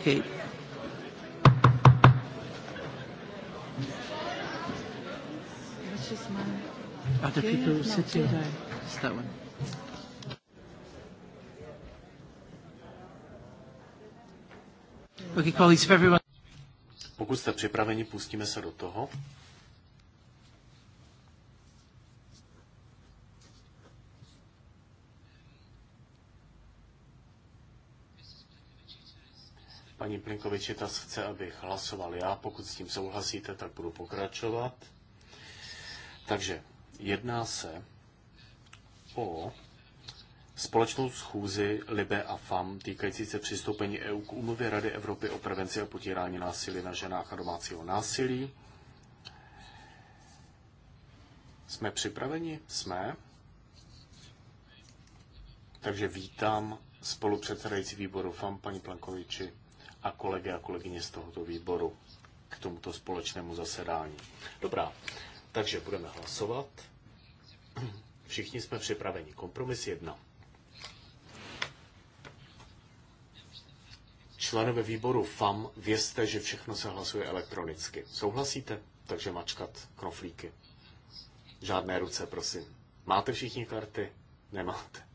Okay. Other people It's that one. Okay, colleagues, if everyone... Pokud jste připraveni, pustíme se do toho. Paní ta chce, abych hlasoval já. Pokud s tím souhlasíte, tak budu pokračovat. Takže jedná se o společnou schůzi Libe a FAM týkající se přistoupení EU k úmluvě Rady Evropy o prevenci a potírání násilí na ženách a domácího násilí. Jsme připraveni? Jsme. Takže vítám spolupředsedající výboru FAM, paní Plankoviči a kolegy a kolegyně z tohoto výboru k tomuto společnému zasedání. Dobrá, takže budeme hlasovat. Všichni jsme připraveni. Kompromis jedna. Členové výboru FAM, vězte, že všechno se hlasuje elektronicky. Souhlasíte? Takže mačkat knoflíky. Žádné ruce, prosím. Máte všichni karty? Nemáte.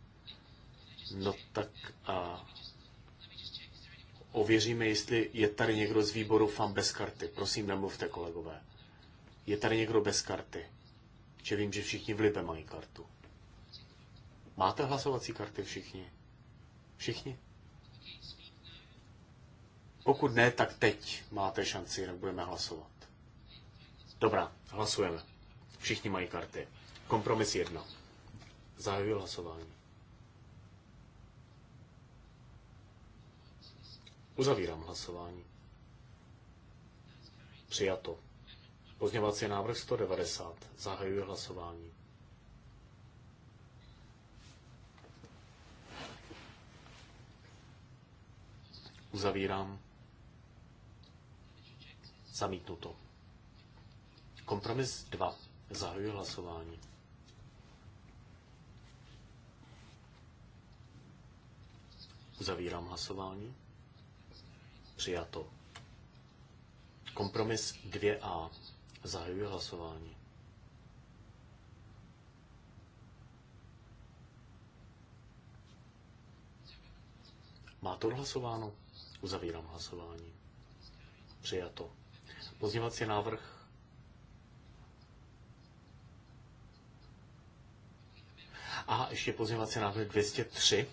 No tak a ověříme, jestli je tady někdo z výboru FAM bez karty. Prosím, nemluvte, kolegové. Je tady někdo bez karty? Že vím, že všichni v Libe mají kartu. Máte hlasovací karty všichni? Všichni? Pokud ne, tak teď máte šanci, jinak budeme hlasovat. Dobrá, hlasujeme. Všichni mají karty. Kompromis jedno. Zahajuji hlasování. Uzavírám hlasování. Přijato. Pozněvací návrh 190. Zahajuji hlasování. Uzavírám. Zamítnuto. Kompromis 2. Zahajuji hlasování. Uzavírám hlasování. Přijato. Kompromis 2a. Zahajuji hlasování. Má to hlasováno? Uzavírám hlasování. Přijato. Pozněvací návrh A ještě pozněvací návrh 203.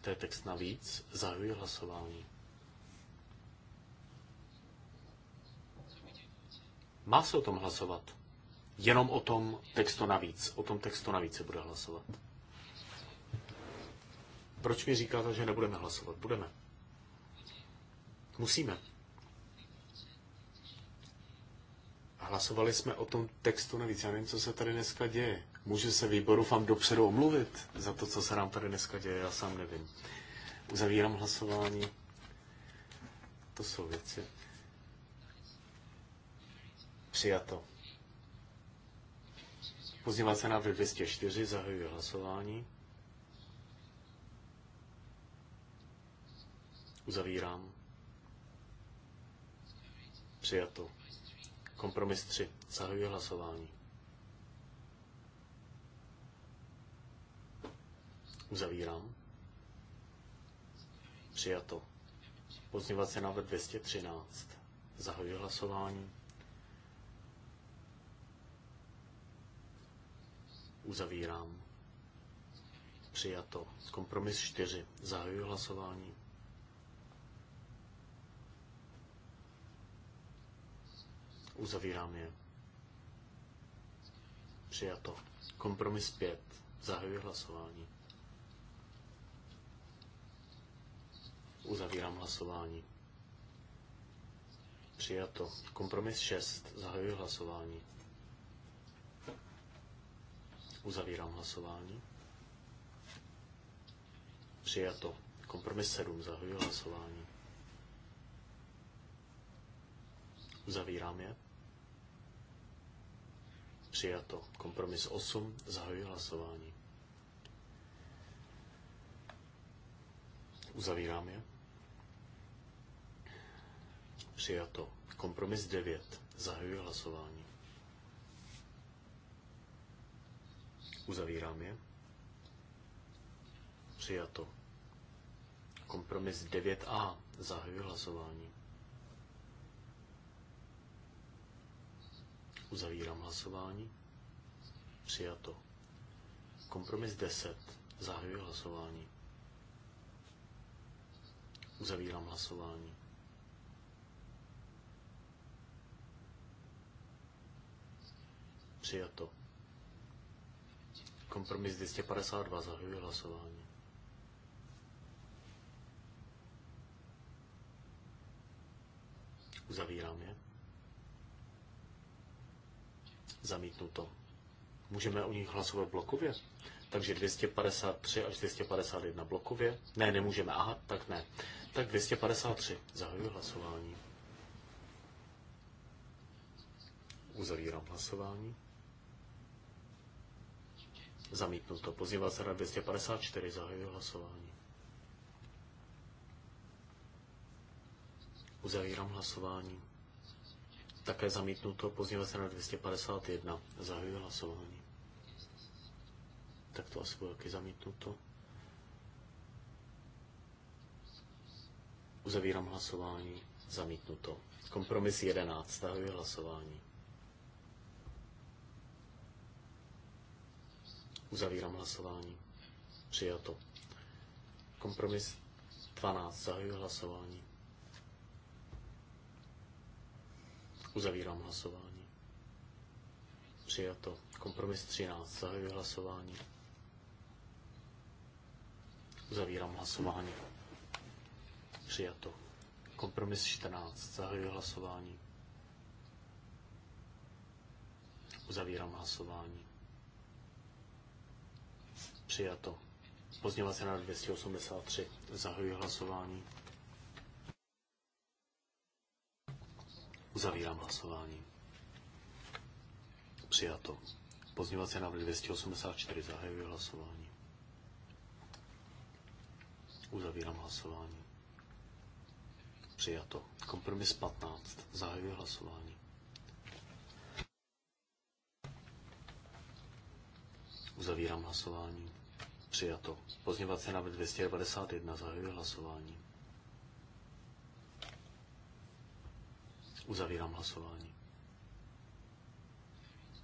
To je text navíc. Zahajuji hlasování. Má se o tom hlasovat. Jenom o tom textu navíc. O tom textu navíc se bude hlasovat. Proč mi říkáte, že nebudeme hlasovat? Budeme. Musíme. Hlasovali jsme o tom textu navíc. Já nevím, co se tady dneska děje. Může se výboru vám dopředu omluvit za to, co se nám tady dneska děje. Já sám nevím. Uzavírám hlasování. To jsou věci. Přijato. se návrh 204, zahajuji hlasování. Uzavírám. Přijato. Kompromis 3. Zahajuji hlasování. Uzavírám. Přijato. se návrh 213. Zahajuji hlasování. Uzavírám. Přijato. Kompromis 4. Zahajuji hlasování. Uzavírám je. Přijato. Kompromis 5. Zahajuji hlasování. Uzavírám hlasování. Přijato. Kompromis 6. Zahajuji hlasování. Uzavírám hlasování. Přijato. Kompromis 7. Zahajuji hlasování. Uzavírám je. Přijato. Kompromis 8. Zahajuji hlasování. Uzavírám je. Přijato. Kompromis 9. Zahajuji hlasování. Uzavírám je. Přijato. Kompromis 9a. Zahajuji hlasování. Uzavírám hlasování. Přijato. Kompromis 10. Zahajuji hlasování. Uzavírám hlasování. Přijato. Kompromis 252. zahajuje hlasování. Uzavírám je. Zamítnuto. Můžeme o nich hlasovat blokově? Takže 253 až 251 blokově? Ne, nemůžeme. Aha, tak ne. Tak 253. Zahajuji hlasování. Uzavírám hlasování. Zamítnuto. se rad 254. Zahajuji hlasování. Uzavírám hlasování. Také zamítnuto. se rad 251. Zahajuji hlasování. Tak to asi bude taky zamítnuto. Uzavírám hlasování. Zamítnuto. Kompromis 11. Zahajuji hlasování. Uzavírám hlasování. Přijato. Kompromis 12. Zahajuji hlasování. Uzavírám hlasování. Přijato. Kompromis 13. Zahajuji hlasování. Uzavírám hlasování. Přijato. Kompromis 14. Zahajuji hlasování. Uzavírám hlasování. Přijato. se na 283. Zahajuji hlasování. Uzavírám hlasování. Přijato. se na 284. Zahajuji hlasování. Uzavírám hlasování. Přijato. Kompromis 15. Zahajuji hlasování. Uzavírám hlasování. Přijato. Pozněvací návrh 291. Zahajuji hlasování. Uzavírám hlasování.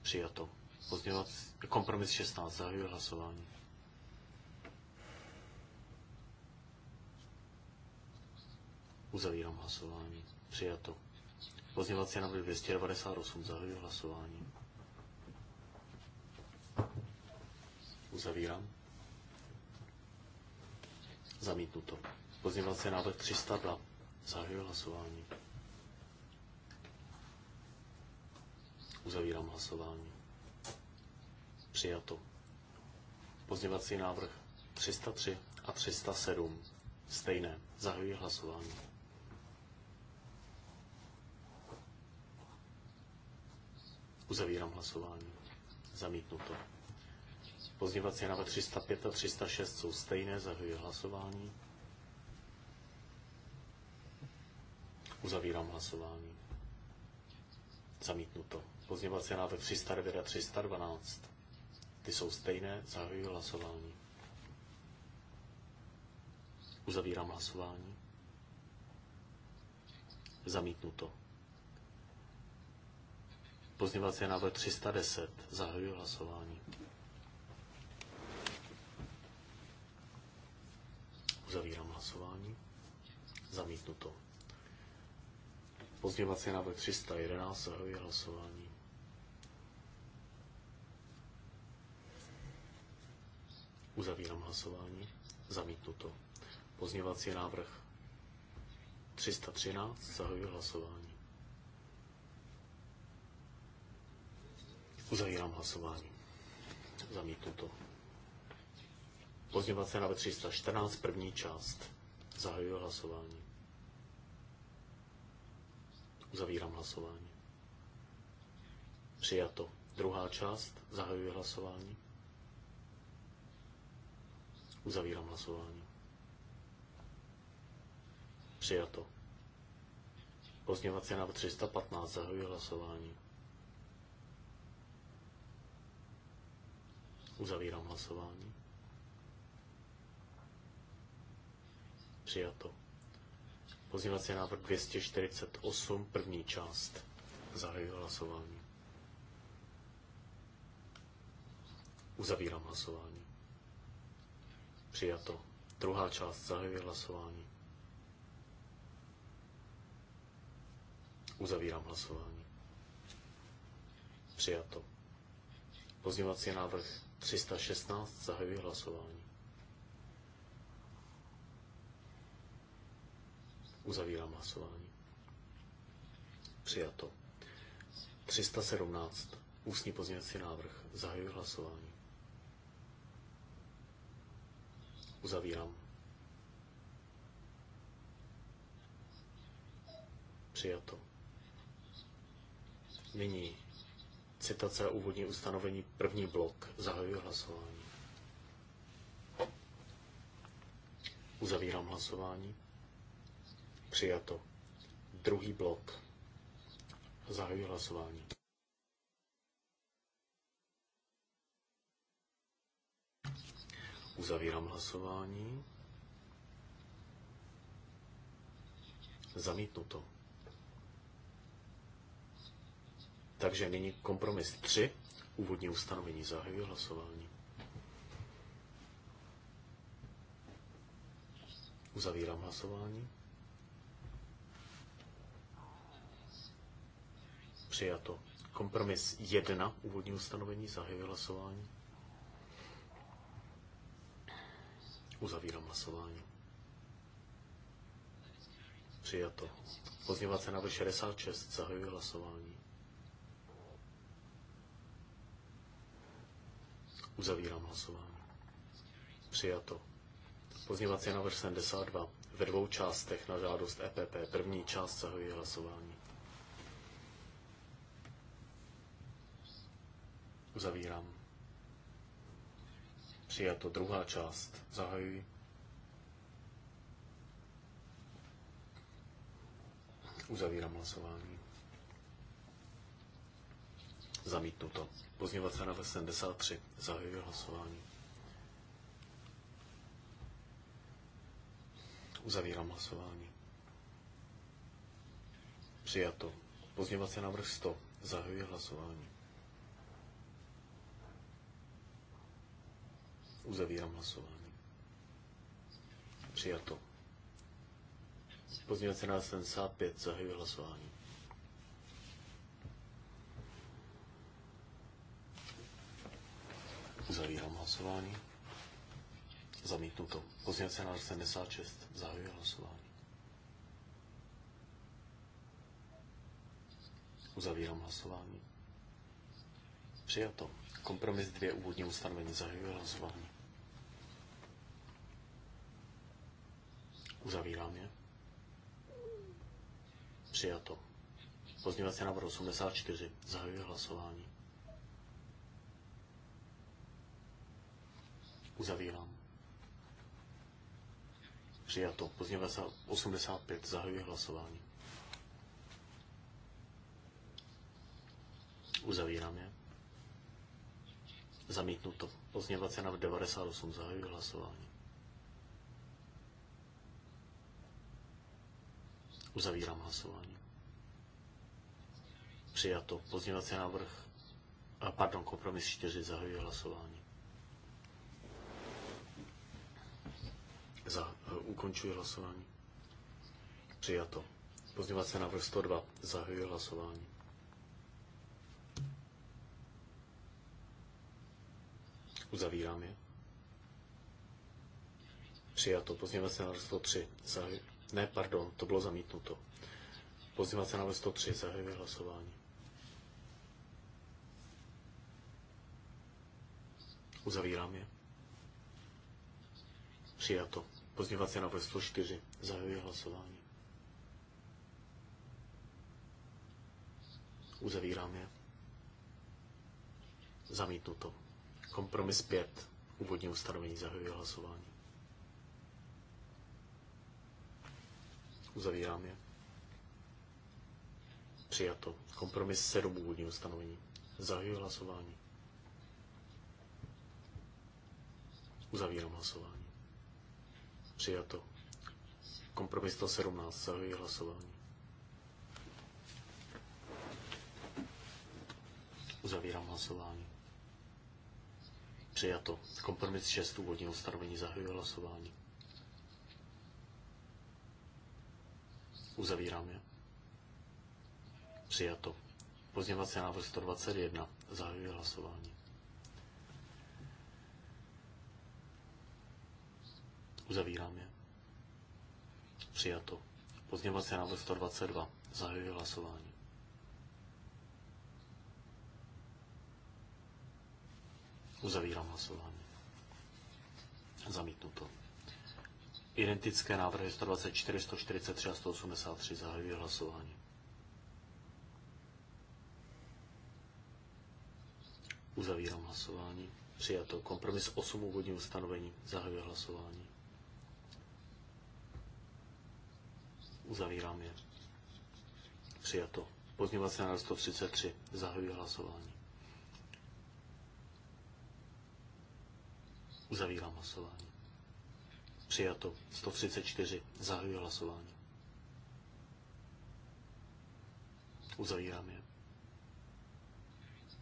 Přijato. Pozněvací kompromis 16. Zahajuji hlasování. Uzavírám hlasování. Přijato. Pozněvací návrh 298. Zahajuji hlasování. Uzavírám. Zamítnu to. Pozměňovací návrh 302. Zahajuji hlasování. Uzavírám hlasování. Přijato. Pozměňovací návrh 303 a 307. Stejné. Zahajuji hlasování. Uzavírám hlasování. Zamítnu to. Pozdívací návrh 305 a 306 jsou stejné, zahajuji hlasování. Uzavírám hlasování. Zamítnuto. Pozdívací návrh 309 a 312. Ty jsou stejné, zahajuji hlasování. Uzavírám hlasování. Zamítnuto. Pozdívací návrh 310. Zahajuji hlasování. Uzavírám hlasování. Zamítnuto. Pozděvací návrh 311. Zahajuji hlasování. Uzavírám hlasování. Zamítnuto. Pozněvací návrh 313. Zahajuji hlasování. Uzavírám hlasování. Zamítnuto. Pozněvací návrh 314, první část. Zahajuji hlasování. Uzavírám hlasování. Přijato. Druhá část. Zahajuji hlasování. Uzavírám hlasování. Přijato. Pozněvací návrh 315. Zahajuji hlasování. Uzavírám hlasování. Přijato. Pozměňovací návrh 248, první část. Zahajuji hlasování. Uzavírám hlasování. Přijato. Druhá část. Zahajuji hlasování. Uzavírám hlasování. Přijato. Pozměňovací návrh 316. Zahajuji hlasování. Uzavírám hlasování. Přijato. 317. Ústní pozměňovací návrh. Zahajuji hlasování. Uzavírám. Přijato. Nyní citace a úvodní ustanovení první blok. Zahajuji hlasování. Uzavírám hlasování. Přijato. Druhý blok. Zahajuji hlasování. Uzavírám hlasování. Zamítnuto. Takže nyní kompromis 3, úvodní ustanovení, zahajuji hlasování. Uzavírám hlasování. Přijato. Kompromis 1, úvodní ustanovení, zahajuje hlasování. Uzavírám hlasování. Přijato. Pozněvat se na 66, zahajuje hlasování. Uzavírám hlasování. Přijato. Pozněvací návrh 72 ve dvou částech na žádost EPP. První část zahajuje hlasování. Uzavírám. Přijato druhá část. Zahajuji. Uzavírám hlasování. Zamítnuto. Pozměňovací návrh 73. Zahajuji hlasování. Uzavírám hlasování. Přijato. Pozměňovací návrh 100. Zahajuji hlasování. Uzavírám hlasování. Přijato. Pozměňovací návrh 75. Zahajuji hlasování. Uzavírám hlasování. Zamítnuto. Pozměňovací návrh 76. Zahajuji hlasování. Uzavírám hlasování. Přijato. Kompromis dvě úvodní ustanovení zahajuje hlasování. Uzavírám je. Přijato. Pozměňovací návrh 84. Zahajuji hlasování. Uzavírám. Přijato. Pozměňovací 85. Zahajuji hlasování. Uzavírám je. Zamítnuto. Pozměňovací návrh 98. Zahajuji hlasování. Uzavírám hlasování. Přijato. Pozměňovací návrh, pardon, kompromis 4, zahajuji hlasování. Za, uh, ukončuji hlasování. Přijato. Pozměňovací návrh 102, zahajuji hlasování. Uzavírám je. Přijato. Pozměňovací návrh 103, zahajuji ne, pardon, to bylo zamítnuto. se na 103, zahajuji hlasování. Uzavírám je. Přijato. se na 104, zahajuji hlasování. Uzavírám je. Zamítnuto. Kompromis 5, úvodní ustanovení, zahajuji hlasování. Uzavírám je. Přijato. Kompromis 7 úvodní ustanovení. Zahajuji hlasování. Uzavírám hlasování. Přijato. Kompromis 117. Zahajuji hlasování. Uzavírám hlasování. Přijato. Kompromis 6 úvodního stanovení Zahajuji hlasování. Uzavírám je. Přijato. Pozněvací návrh 121. Zahajuji hlasování. Uzavírám je. Přijato. Pozněvací návrh 122. Zahajuji hlasování. Uzavírám hlasování. Zamítnuto. Identické návrhy 124, 143 a 183 zahajují hlasování. Uzavírám hlasování. Přijato. Kompromis 8 úvodního ustanovení. Zahajuji hlasování. Uzavírám je. Přijato. Pozněvací na 133. Zahajuji hlasování. Uzavírám hlasování. Přijato. 134. Zahajuji hlasování. Uzavírám je.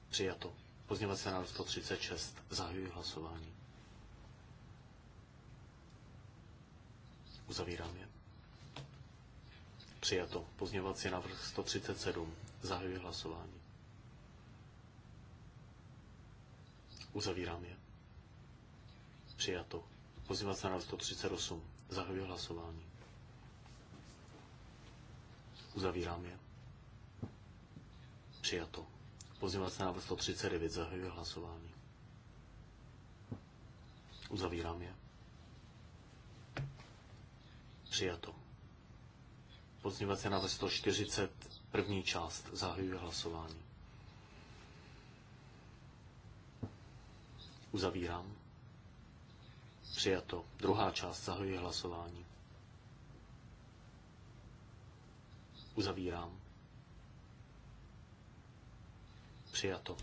Přijato. Pozněvací návrh 136. Zahajuji hlasování. Uzavírám je. Přijato. Pozněvací návrh 137. Zahajuji hlasování. Uzavírám je. Přijato se na 138. Zahajuji hlasování. Uzavírám je. Přijato. se na 139. Zahajuji hlasování. Uzavírám je. Přijato. se na 140. První část. Zahajuji hlasování. Uzavírám. Přijato. Druhá část. zahajuje hlasování. Uzavírám. Přijato.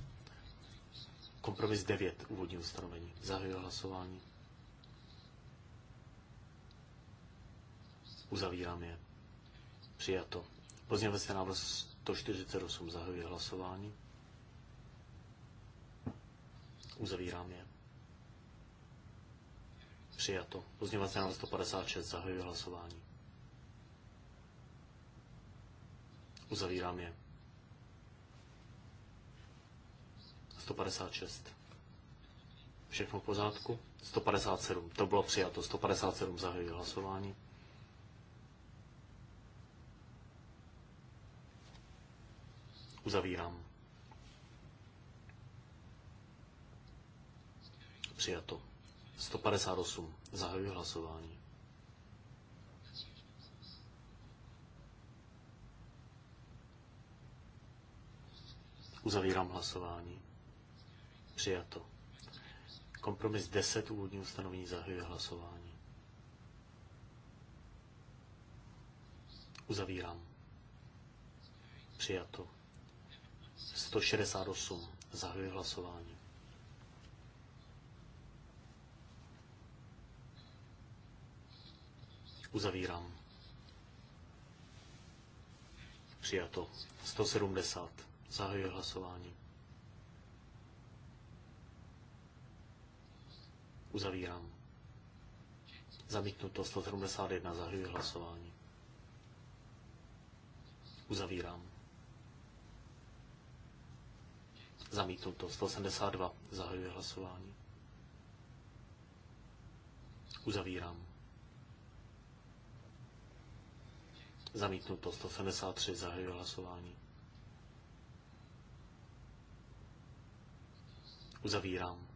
Kompromis 9. Úvodní ustanovení. Zahajuje hlasování. Uzavírám je. Přijato. Pozměňovací návrh 148. Zahajuje hlasování. Uzavírám je. Přijato. Pozměňovací návrh 156. Zahajuji hlasování. Uzavírám je. 156. Všechno v pořádku? 157. To bylo přijato. 157 zahajuji hlasování. Uzavírám. Přijato. 158. Zahajuji hlasování. Uzavírám hlasování. Přijato. Kompromis 10 úvodní ustanovení zahajuje hlasování. Uzavírám. Přijato. 168. Zahajuje hlasování. Uzavírám. Přijato. 170. Zahajuji hlasování. Uzavírám. Zamítnuto 171. Zahajuji hlasování. Uzavírám. Zamítnuto 172. Zahajuji hlasování. Uzavírám. Zamítnuto 173. zahajuje hlasování. Uzavírám.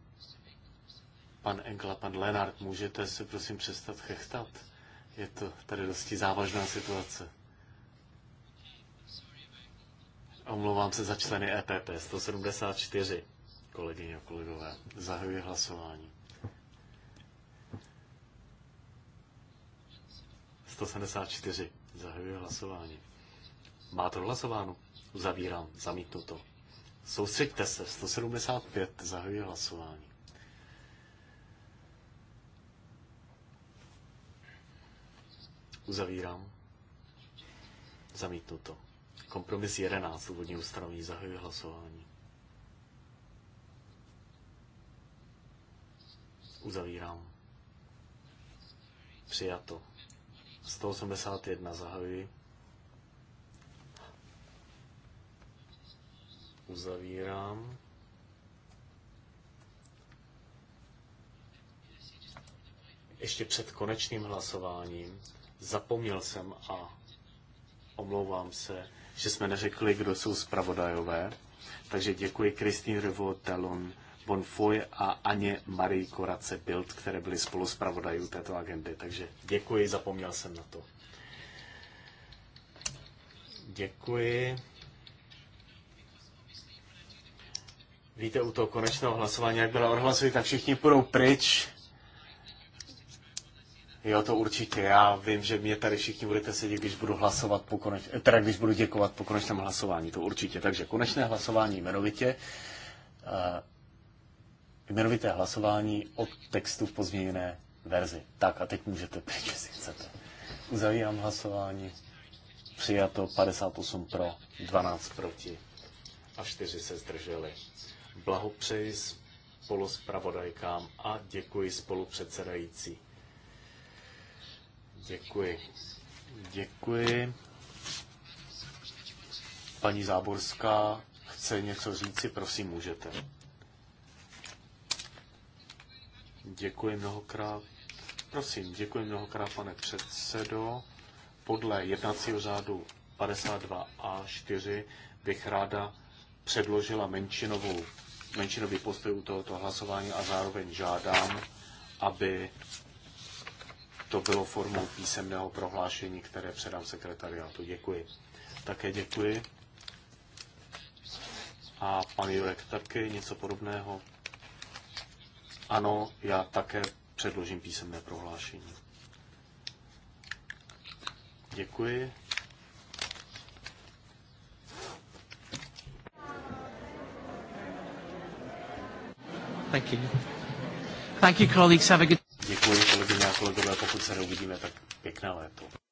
Pan Engla, pan Lenard, můžete se prosím přestat chechtat? Je to tady dosti závažná situace. Omlouvám se za členy EPP 174, kolegyně a kolegové. Zahajuji hlasování. 174. Zahajuji hlasování. Má to hlasováno? Uzavírám. Zamítnu to. Soustřeďte se. 175. Zahajuji hlasování. Uzavírám. Zamítnu to. Kompromis 11. Úvodní ustanovení. Zahajuji hlasování. Uzavírám. Přijato. 181 zahajuji. Uzavírám. Ještě před konečným hlasováním zapomněl jsem a omlouvám se, že jsme neřekli, kdo jsou zpravodajové. Takže děkuji Kristýn Revo, Telon, Foy a Aně Marie Korace Bild, které byly spolu zpravodajů této agendy. Takže děkuji, zapomněl jsem na to. Děkuji. Víte, u toho konečného hlasování, jak byla odhlasují, tak všichni půjdou pryč. Jo, to určitě. Já vím, že mě tady všichni budete sedět, když budu hlasovat po koneč... teda když budu děkovat po konečném hlasování, to určitě. Takže konečné hlasování jmenovitě. Eh, jmenovité hlasování o textu v pozměněné verzi. Tak a teď můžete pryč, jestli chcete. Uzavírám hlasování. Přijato 58 pro, 12 proti a 4 se zdrželi. Blahopřeji spoluspravodajkám a děkuji spolupředsedající. Děkuji. Děkuji. Paní Záborská chce něco říci, prosím, můžete. Děkuji mnohokrát. Prosím, děkuji mnohokrát, pane předsedo. Podle jednacího řádu 52a4 bych ráda předložila menšinovou, menšinový postoj u tohoto hlasování a zároveň žádám, aby to bylo formou písemného prohlášení, které předám sekretariátu. Děkuji. Také děkuji. A pan Jurek také něco podobného. Ano, já také předložím písemné prohlášení. Děkuji. Thank you. Thank you, colleagues. Have a good... Děkuji, kolegyně a kolegové. Pokud se neuvidíme, tak pěkné léto.